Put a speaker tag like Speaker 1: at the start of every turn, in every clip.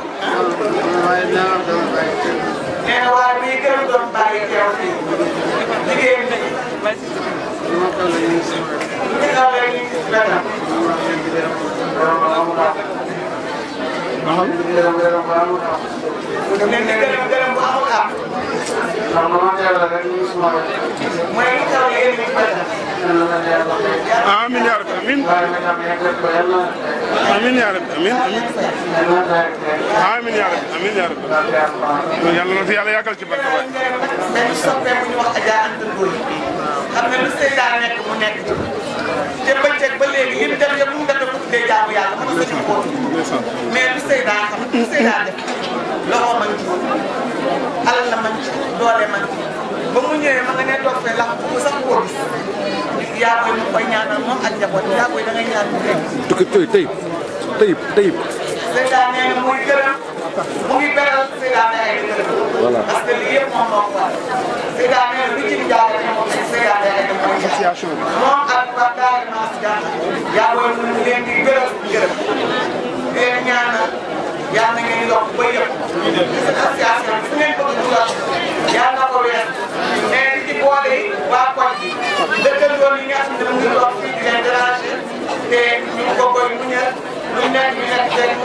Speaker 1: waaye nelaw dama bàyyi teew. nee na waaye muy gërëm doon bàyyi teew fii liggéeyam bi. lu ma ko la ñu ngi si wér. lu ñu xam rek ñu ngi si benn. gërëm gërëm bu amul am. waaw maman Diallo rek ñu ngi si wér. mooy li nga xam ne yéen a ngi benn. amiin yaa rabbi amiin. amiin yaa rabbi amiin amiin amiin yaa rabbi amiin yaa rabbi yàlla na fi yàlla yàggal ci barke waay. benn soppe bu ñu wax Adja Anta Ndoye xam nga lu seytaane nekk mu nekk ci te bëccëg ba léegi li mu def yëpp mu def dafa tuddee jaamu yàlla mën na ko mais lu seytaane xam lu seytaane def loxo man ci alal la man ci doole man ci ba mu ñëwee ma nga ne toog fee làmp ko yaa koy mu koy ñaanal yaa koy da ngay mu dégg.
Speaker 2: tey tey tey tey.
Speaker 1: Seydina nee na muy mu ngi beral Seydina ne ay
Speaker 2: gërëm. voilà parce que lii yëpp moom moo ko waral.
Speaker 1: Seydina nee na lu ci jaaree ne moom ay Seydina
Speaker 3: ne ay gërëm. association bi
Speaker 1: moom ak waa Daara Mass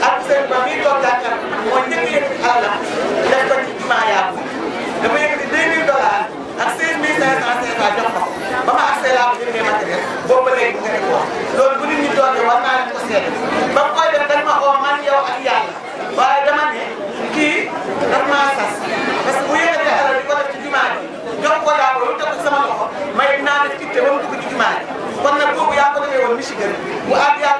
Speaker 1: ak seen ba mi toog gàttal mooy njëkk yëkkati àllam def ko ci jumaa yàlla dama yëkkati 2000 dollars ak 16500 CFA jox ko ba ma accès laa ko jëndee matériel boobu ba léegi nga ne ko wax loolu bu nit ba mu koy def dañ ma oo man yow ak dama ne kii daf maa sas parce que bu yëkkatee alal di ko def ci jumaa ji jox daa ko lu tegu sama loxo may naa def ci ba mu dugg ci jumaa ji kon nag boobu yaa ko defee woon Michigan bu àgg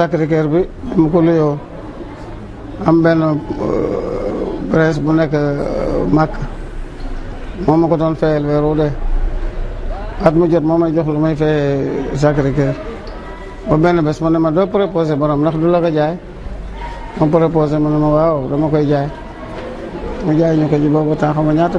Speaker 4: Sacré-Cœur bi mu ko nuyoo am benn euh, presse bu nekk euh, màkk moom ma ko doon fayal weeru de at mu jot moo may jox lu may fayee Sacré-Cœur ba benn bés ma ne ma doo proposé borom ndax du la ko jaay ma proposé ma ne ma waaw dama koy jaay mu jaay ñu ko ji boobu temps xam nga ñaata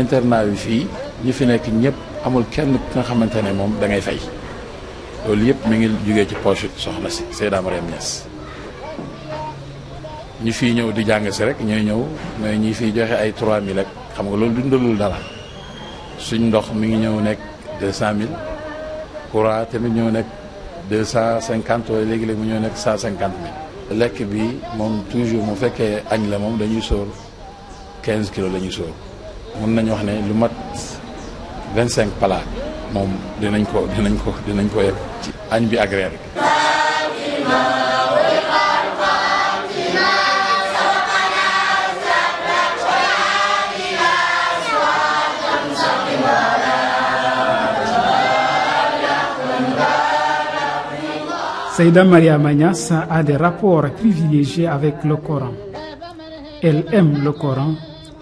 Speaker 5: internat yi fii ñi fi nekk ñëpp amul kenn ki nga xamante ne moom da ngay fay loolu yëpp mu ngi jugee ci poche soxna si Seyda Mariam Niass ñi fii ñëw di jàng si rek ñooy ñëw mais ñi fiy joxe ay 3000 rek xam nga loolu dundalul dara suñ ndox mi ngi ñëw nekk 200000 courant tamit ñëw nekk 250 wala léegi-léegi mu ñëw nekk 150000. lekk bi moom toujours mu fekkee añ la moom dañuy sóor 15 kilos la ñuy sóor. mën nañu wax ne lu mat 25 cinq pala moom dinañ ko dinañ ko dinañ ko
Speaker 3: Maria Magnas a des rapports privilégiés avec le Coran. Elle aime le
Speaker 2: Coran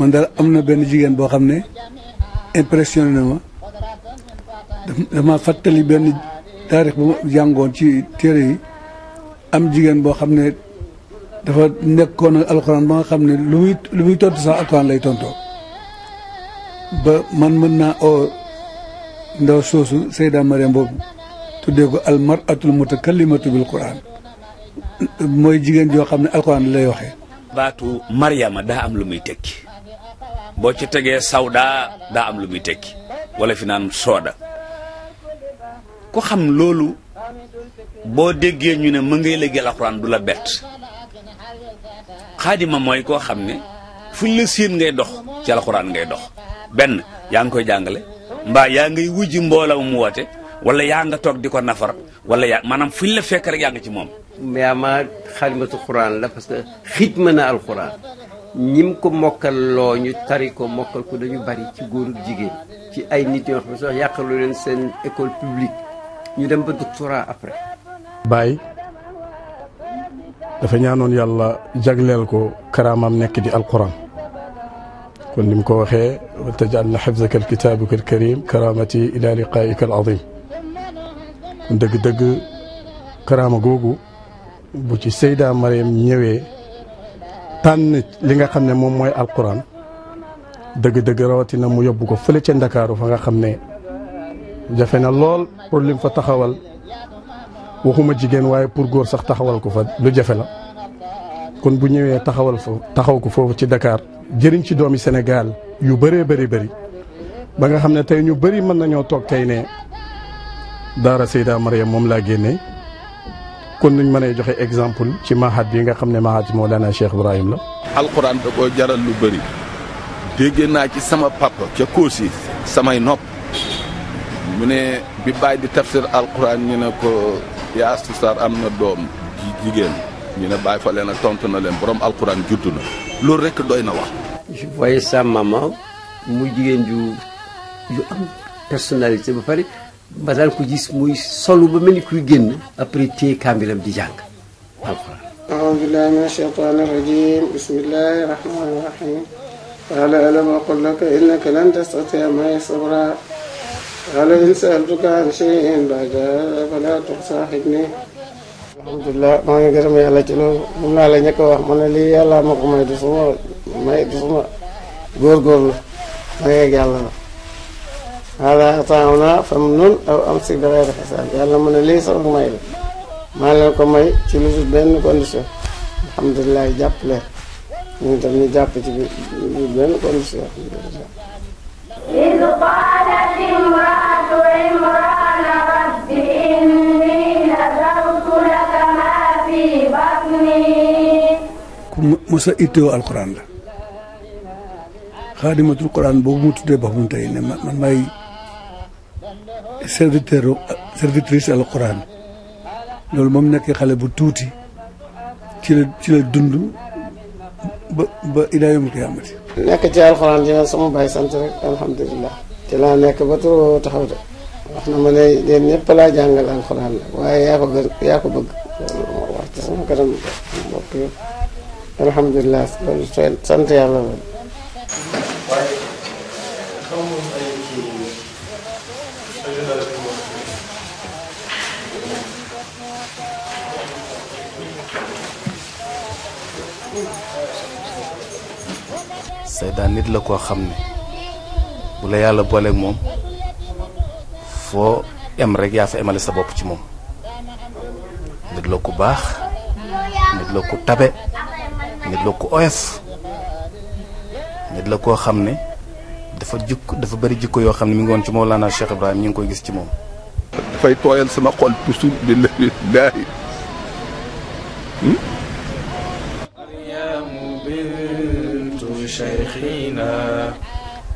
Speaker 2: man daal am na benn jigéen boo xam ne impressionné na ma dama fàttali benn taarix bu jàngoon ci téere yi am jigéen boo xam ne dafa nekkoon ak alxuraan ba nga xam ne lu muy lu tontu sax alxuraan lay tontoo ba man mën naa oo ndaw soosu Seyda Mariam boobu tuddee ko al maratul mutakallimatu bil quran mooy jigéen joo xam ne alxuraan lay waxee
Speaker 6: baatu Mariama daa am lu muy tekki boo ci tegee sawda daa am lu muy tekki wala fi naan sooda ko xam loolu boo déggee ñu ne ma ngay liggéeyal alxuraan du la bett xaadima mooy koo xam ne fuñ la séen ngay dox ci alxuraan ngay dox benn yaa ngi koy jàngale mbaa yaa ngay wujji mboola mu woote wala yaa nga toog di ko nafar wala yaa maanaam fuñ la fekk rek yaa ngi ci moom.
Speaker 4: mais ma xaadimatu xuraan la parce que ma na alxuraan. ñim ko mokkal loo ñu tari ko mokkal ko dañu bari ci góor ak jigéen ci ay nit yo xam sax yakalu len sen école publique ñu dem ba doctorat après.
Speaker 5: bay dafa ñaanon yàlla jaglel ko karamam nek di alquran kon ni ko waxe wa taj'alna hifzaka alkitaabika alkarim karamati ila liqaika alazim deug deug karama gogu bu ci sayda maryam ñëwee. tànn li nga xam ne moom mooy alquran dëgg-dëgg rawatina mu yóbbu ko fële ca ndakaaru fa nga xam ne jafe na lool pour lim fa taxawal waxuma jigéen waaye pour góor sax taxawal ko fa lu jafe la kon bu ñëwee taxawal fa taxaw ko foofu ci ndakaar jëriñ ci doomi senegaal yu bëree bëri bëri ba nga xam ne tey ñu bëri mën nañoo toog tey ne daara Seyda Mariam moom laa génne kon mën mënee joxe exemple ci mahat bi nga xam ne moo Mawlana Cheikh Ibrahim la. alxuraan da koo jaral lu bari dégg naa ci sama papa ca Koosi samay nopp mu ne bi bàyyi di tafsir alxuraan ñu ne ko yaa sar am na doom jigéen ñu ne bàyyi fa leen ak tontu na leen borom alxuraan juddu na loolu rek doy na wax. je voyais
Speaker 4: mu jigéen ju ju am personnalité ba pare. ba daan ko gis solu ba mel ni kuy génn après téye kaamilam di jàng alxuraan aoudubillahi min asheytani irajim bismillahi rahmani irahim qaala alam aqul laka innaka lan tastatia maye sabra qaala in saaltuka an cheyin baada fala tuxsaaxibni mun naa wax ma ne lii ma ko may du suma may du suma góorgóorlu هذا ata'una famnun aw amsik bi ghayri hisaab yàlla mu ne lii sama may la maa leen ko may ci lu dul benn condition alhamdulilah jàpp leen ñu tam ñu jàpp ci bi benn condition
Speaker 2: ku musa ittoo alquran la xaadimatul quran boobu mu tuddee boppam man may serviteur servitrice alquran loolu moom nekk xale bu tuuti ci la ci la dund ba ba idaayum kiyaamati
Speaker 4: nekk ci alxuraan dina sama bàyyi sant rek alhamdulilah ci laa nekk ba trop taxaw de wax na ma ne yéen ñëpp laa jàngal alxuraan la waaye yaa ko gën yaa ko bëgg loolu moo wax ci alhamdulilah sant yàlla la
Speaker 3: Seydaan nit la koo xam ne bu la yàlla booleek moom foo em rek yaa fa emale sa bopp ci moom nit la ku baax nit la ku tabe nit la ku oyof nit la koo xam ne dafa jikko dafa bëri jikko yoo xam ne mu ngi woon ci Mawlana Cheikh Ibrahim ñu ngi koy gis ci moom
Speaker 5: dafay tooyal sama xol toujours billahi
Speaker 3: hmm?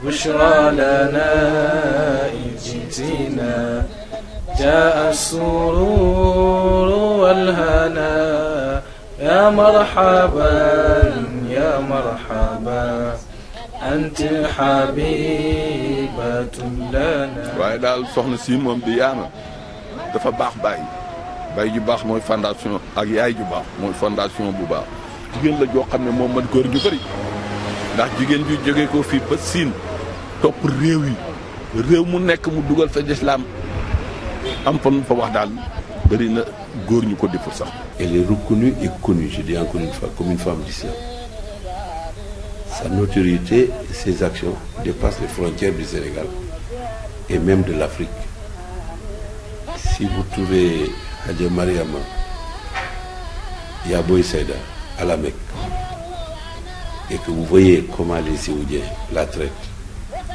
Speaker 3: بشرى لنا جئتنا جاء السرور والهنا يا مرحبا يا مرحبا انت الحبيبه لنا
Speaker 5: واي دال سخنا سين موم باخ باي باي جي باخ موي فانداسيون اك ياي جي باخ موي فانداسيون بو باخ جيجن لا جو خامني موم مات غور جي بري ndax jigen ju joge ko fi ba
Speaker 2: elle est reconnue et connue
Speaker 5: je dis encore une fois comme une femme d'ici. sa notoriété ses actions dépassent les frontières du Sénégal et même de l'Afrique si vous trouvez Hadja Mariama Yaboy Saïda à la Mecque et que vous voyez comment les Séoudiens la traitent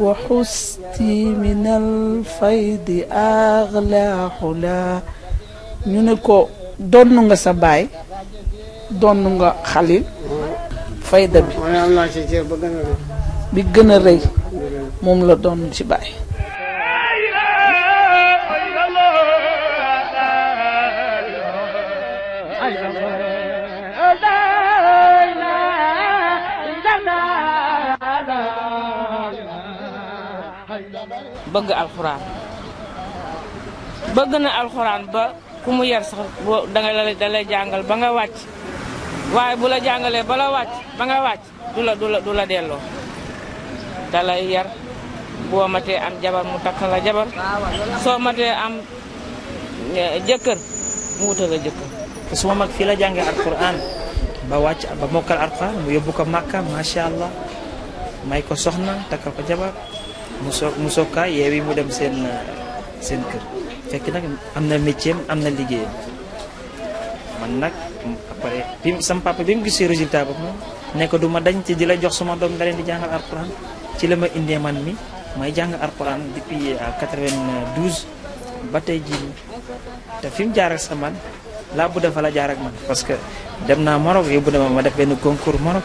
Speaker 7: وحستي من الفيض أغلى حلا ñu ne ko donn nga sa baay donn nga xalil fayda bi bi gën rëy moom la doon ci baay bëgg alxuraan bëgg na alxuraan ba ku mu yar sax danga dalay jàngal ba nga wàcc waaye bu la jàngalee ba la wàcc ba nga wàcc du du la du la delloo dalay yar boo matee am jabar mu takk la jabar soo matee am e, jëkkër mu wutal la jëkkër su ma mag fi la jàngee alxuraan ba wàcc ba mokkal alxuraan mu yóbbu ko Màkka macha allah may ko soxna takkal ko jabar mu soog mu soog kaa yeewi mu dem seen seen kër fekk nag am na métier am na liggéeyam man nag après bi sama papa bi mu résultat boobu moom ne ko du dañ ci di jox suma doom nga di jàngal alquran ci la ma man mi may jàng alquran depuis 92 ba tey jii fim fi mu jaar ak sa man laa bu dafa la jaar ak man parce que dem naa Maroc yóbbu ma def benn concours Maroc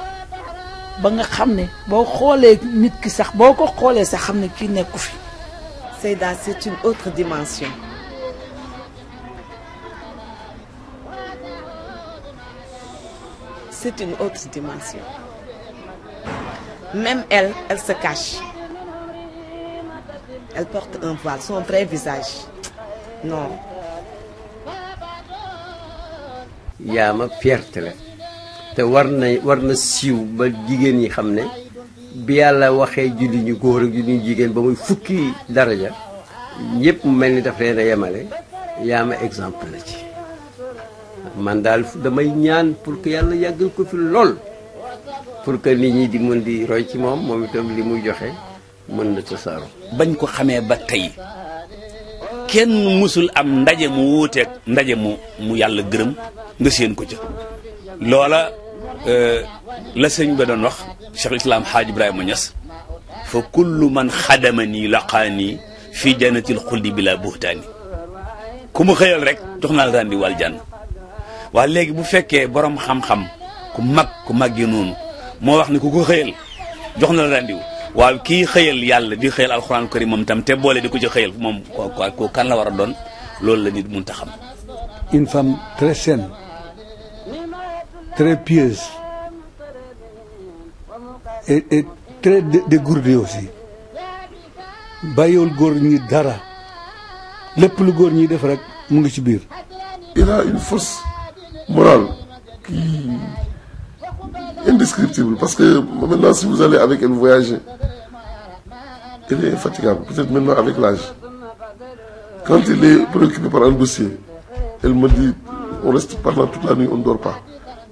Speaker 7: c'est une autre dimension c'est une autre dimension même
Speaker 1: elle elle se cache elle porte un voile son vrai visage
Speaker 3: non
Speaker 4: Y'a ma fierté te war na war na siiw ba jigéen ñi xam ne bi yàlla waxee julli ñu góor ak julli ñu jigéen ba muy fukki daraja ñëpp mu mel ni daf leen a yemale yaa ma exemple la ci man daal damay ñaan pour que yàlla yàggal ko fi lool pour que nit ñi di mën di roy ci moom moom
Speaker 6: itam li muy joxe mën na tasaaro bañ ko xamee ba tey kenn musul am ndaje mu wuuteeg ndaje mu mu yàlla gërëm nga séen ko ca loola la sëñ ba doon wax Cheikh Islam Haaj Ibrahima Niass fa kullu man xadama nii laqaanii fii jannatil xuldi bila buhtaani ku mu xëyal rek jox naa la daan di wàll jànn waa léegi bu fekkee borom xam-xam ku mag ku mag yi noonu moo wax ne ku ko xëyal jox na la daan diw waaw kii xëyal yàlla di xëyal alxuraan karim moom tam te boole di ko ci xëyal moom ko kan la war a doon loolu la nit mun ta xam.
Speaker 2: une femme très saine. très pieuse et, très dégourdie aussi Bayol dara Le plus de il a une force morale qui indescriptible parce que maintenant si vous allez avec elle
Speaker 4: voyager elle est fatigable peut-être maintenant avec l'âge quand il est préoccupé par un dossier elle me dit on reste par là toute la nuit on ne dort pas.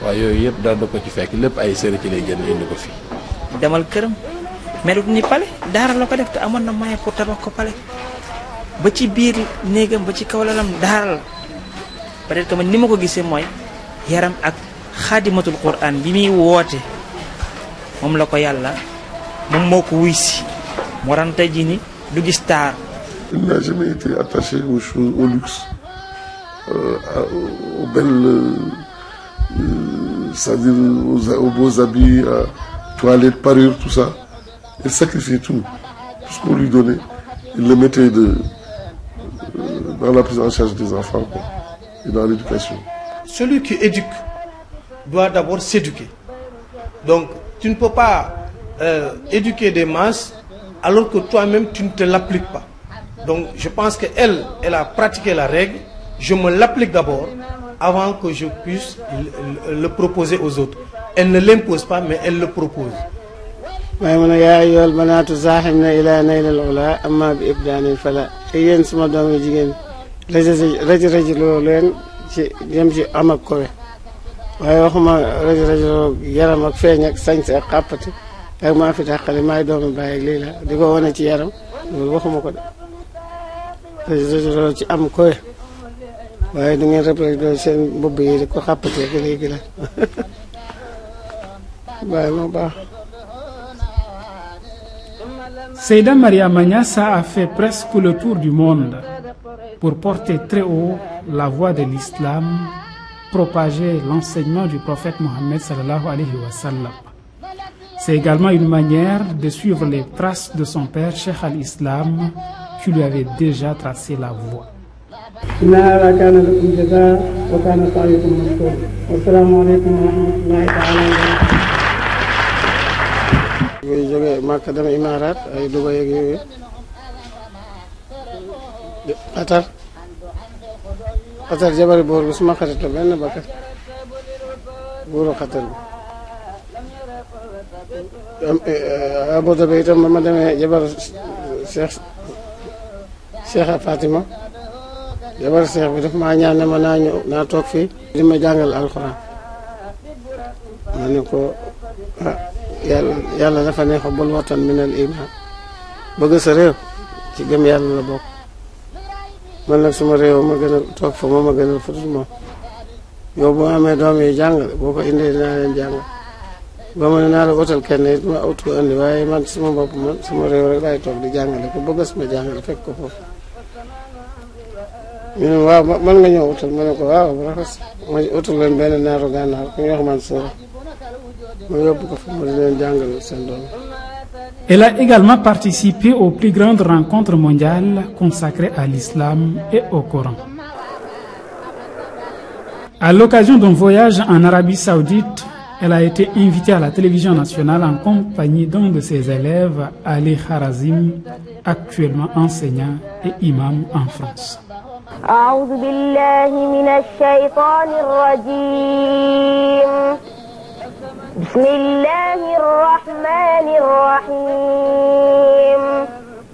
Speaker 5: waaw yooyu yëpp dara da ko ci fekk lépp ay sëri ci lay génn indi ko fii.
Speaker 7: demal këram melut ni pale daara la ko def te amoon na moyen pour tabax ko pale ba ci biir néegam ba ci kaw lalam daara la peut-être que man ni ma ko gisee mooy yaram ak xaadimatul quran bi muy woote moom la ko yàlla moom moo ko wuy si mu ranta ji ni du gis taar. il n'a jamais
Speaker 4: été attaché aux choses au luxe euh, euh, c'est-à-dire aux, beaux habits, à toilettes, parures, tout ça. Il sacrifiait tout, tout ce qu'on lui donnait. Il le mettait euh, dans la prise en charge des enfants et dans l'éducation.
Speaker 2: Celui qui éduque doit d'abord s'éduquer. Donc, tu ne peux pas euh, éduquer des masses alors que toi-même, tu ne te l'appliques pas. Donc, je pense qu'elle, elle a pratiqué la règle. Je me l'applique d'abord avant que je puisse le proposer aux autres. Elle ne l'impose pas, mais elle le propose
Speaker 4: waaye Maria
Speaker 3: ngeen Seyda a fait presque le tour du monde pour porter très haut la voix de l'islam, propager l'enseignement du prophète Mohammed sallallahu alayhi wa C'est également une manière de suivre les traces de son père, Cheikh al-Islam, qui lui avait déjà tracé la voie.
Speaker 4: inna haadaa kaana lakum jazaa wa kaana sa'yukum mashkuur wassalaamu aleykum wa rahmatullaahi taala wa barakaatuh yooyu jógee Màkka dem Imaaraat ay Dubaay ak yooyu Qatar Qatar jabari buur bi suma xarit la benn bakkat buuru Qatar bi eh, eh, Abu Dhabi itam ba ma demee jabar Cheikh Cheikh Fatima jabar seex bi daf maa ñaan ne ma naa naa toog fii di ma jàngal alxuraan ma ne ko ah yàlla yàlla dafa neex bul watan minal iman bëgg sa réew ci gëm yàlla la bokk man nag suma réew ma gën toog fa ma ma gën a moom yow boo amee doom yi jàngale boo ko indee dinaa leen jàngal ba ma ne naa la utal kenn it ma ut ko andi waaye man suma bopp man suma réew rek laay toog di jàngale ko bëgg suma jàngale fekk ko foofu
Speaker 3: Elle a également participé aux plus grandes rencontres mondiales consacrées à l'islam et au Coran. À l'occasion d'un voyage en Arabie Saoudite, elle a été invitée à la télévision nationale en compagnie d'un de ses élèves, Ali Harazim, actuellement enseignant et imam en France.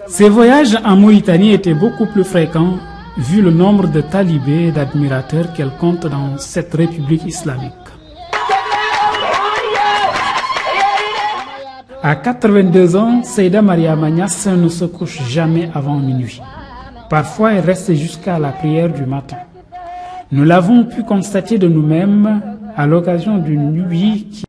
Speaker 3: Ses voyages en Mauritanie étaient beaucoup plus fréquents vu le nombre de talibés et d'admirateurs qu'elle compte dans cette république islamique. À 82 ans, Seyda Maria Magnas ne se couche jamais avant minuit. Parfois, il reste jusqu'à la prière du matin. Nous l'avons pu constater de nous-mêmes à l'occasion d'une nuit qui...